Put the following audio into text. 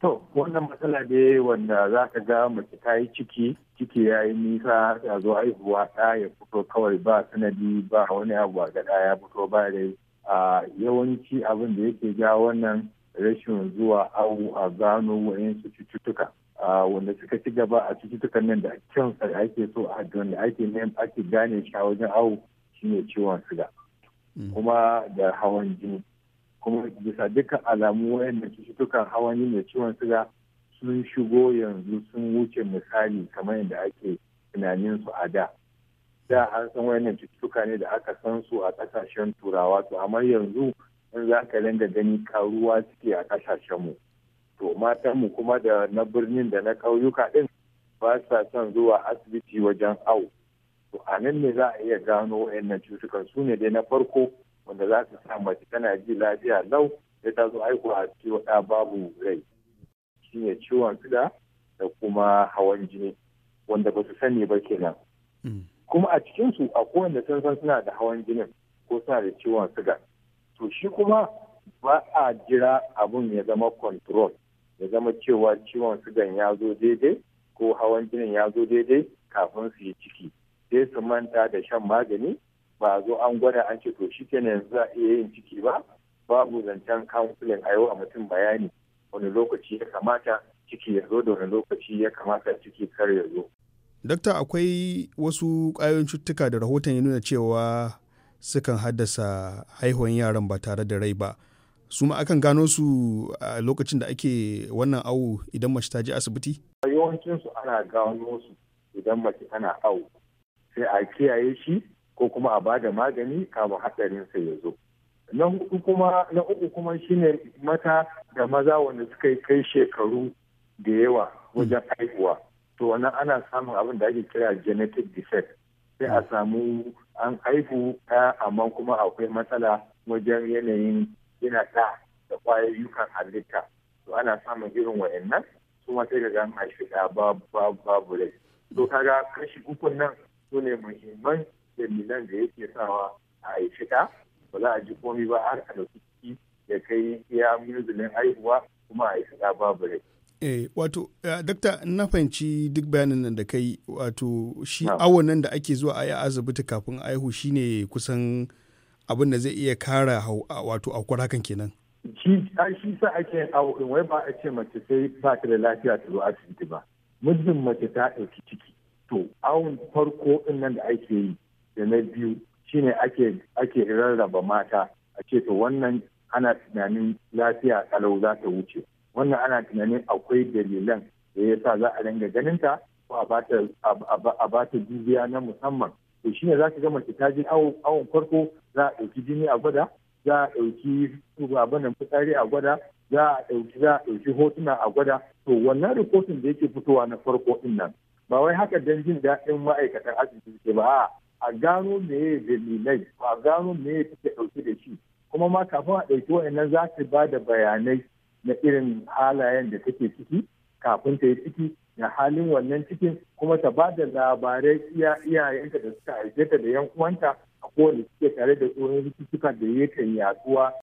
To, wannan matsala ne wanda za ka ga mace ta yi ciki, ciki ya yi nisa ta zo haihuwa ta ya fito kawai ba sanadi ba wani abu a gada ya fito ba dai. A yawanci abin da yake ja wannan rashin zuwa awu a gano wayansu cututtuka. wanda suka ci gaba a cututtukan nan da kyan ake so a da ake ake gane shi a wajen awu shine ciwon suga mm. Kuma da hawan jini. kuma bisa dukkan alamu wayanda cututtukan hawan yin da ciwon suga sun shigo yanzu sun wuce misali kamar yadda ake tunanin su a da da an san wayannan cututtuka ne da aka san su a kasashen turawa to amma yanzu in za ka dinga gani karuwa suke a kasashen mu to matan mu kuma da na birnin da na kauyuka din ba sa son zuwa asibiti wajen au to a nan ne za a iya gano wayannan cututtukan su ne dai na farko wanda za su sa mace tana ji lafiya lau sai ta zo aiko a ciwo ɗa babu rai shine ciwon suga da kuma hawan jini wanda ba su sani ba kenan mm. kuma a cikinsu a kowanne sun san suna da hawan jinin ko suna da ciwon suga to shi kuma ba a jira abun ya zama control ya zama cewa ciwon sugan ya zo daidai ko hawan jinin ya zo daidai kafin su yi ciki sai su manta da shan magani ba zo an gwada an ce to shi kenan yanzu za a iya yin ciki ba babu zancen counseling a wa mutum bayani wani lokaci ya kamata ciki ya zo da wani lokaci ya kamata ciki kar ya zo. Dokta akwai wasu ƙwayoyin cututtuka da rahoton ya nuna cewa sukan haddasa haihuwan yaran ba tare da rai ba. su ma akan gano su a lokacin da ake wannan awu idan mace ta je asibiti? yawancinsu ana gano su idan mace ana awu sai a kiyaye shi ko kuma a bada magani kama hatsarinsa ya zo na hudu kuma na uku kuma shine mata da maza wanda suka yi kai shekaru da yawa wajen haihuwa to wannan ana samun abin da ake kira genetic defect sai a samu an haihu ta amma kuma akwai matsala wajen yanayin yana da da kwayoyukan halitta to ana samun irin wa'annan kuma sai ga an haifi ɗa babu rai to kaga kashi ukun nan su ne muhimman milan da yake sawa a aikata ba za a ji komi ba har a ɗauki ciki ya kai ya minzulin haihuwa kuma a aikata babu rai. Eh, wato, eh, dokta na fahimci duk bayanin nan da kai wato shi nan da ake zuwa a yi asibiti kafin aihu shine kusan abin da zai iya kara wato aukuwar hakan kenan. Shi shi sa ake yin awo wai ba a ce mace sai ba ta da lafiya ta zo asibiti ba. Muddin mace ta ɗauki ciki. To, awon farko ɗin nan da ake yi da na biyu shine ake ake rarraba mata a ce to wannan ana tunanin lafiya kalau za ta wuce wannan ana tunanin akwai dalilan da ya sa za a dinga ganinta ko a ba ta dubiya na musamman to shine za ka ga mace ta ji awon farko za a ɗauki jini a gwada za a ɗauki abinan fitsari a gwada za a ɗauki za a ɗauki hotuna a gwada to wannan rikotin da yake fitowa na farko din nan ba wai haka don jin daɗin ma'aikatan asibiti ba a gano meye dalilai a gano ya take ɗauke da shi kuma ma kafin a ɗauki wa'annan za ta ba da bayanai na irin halayen da take ciki kafin ta yi ciki da halin wannan cikin kuma ta ba da labarai iya iyayenta da suka haife ta da yan uwanta a kowane suke tare da tsohon rikicika da yi yatsuwa.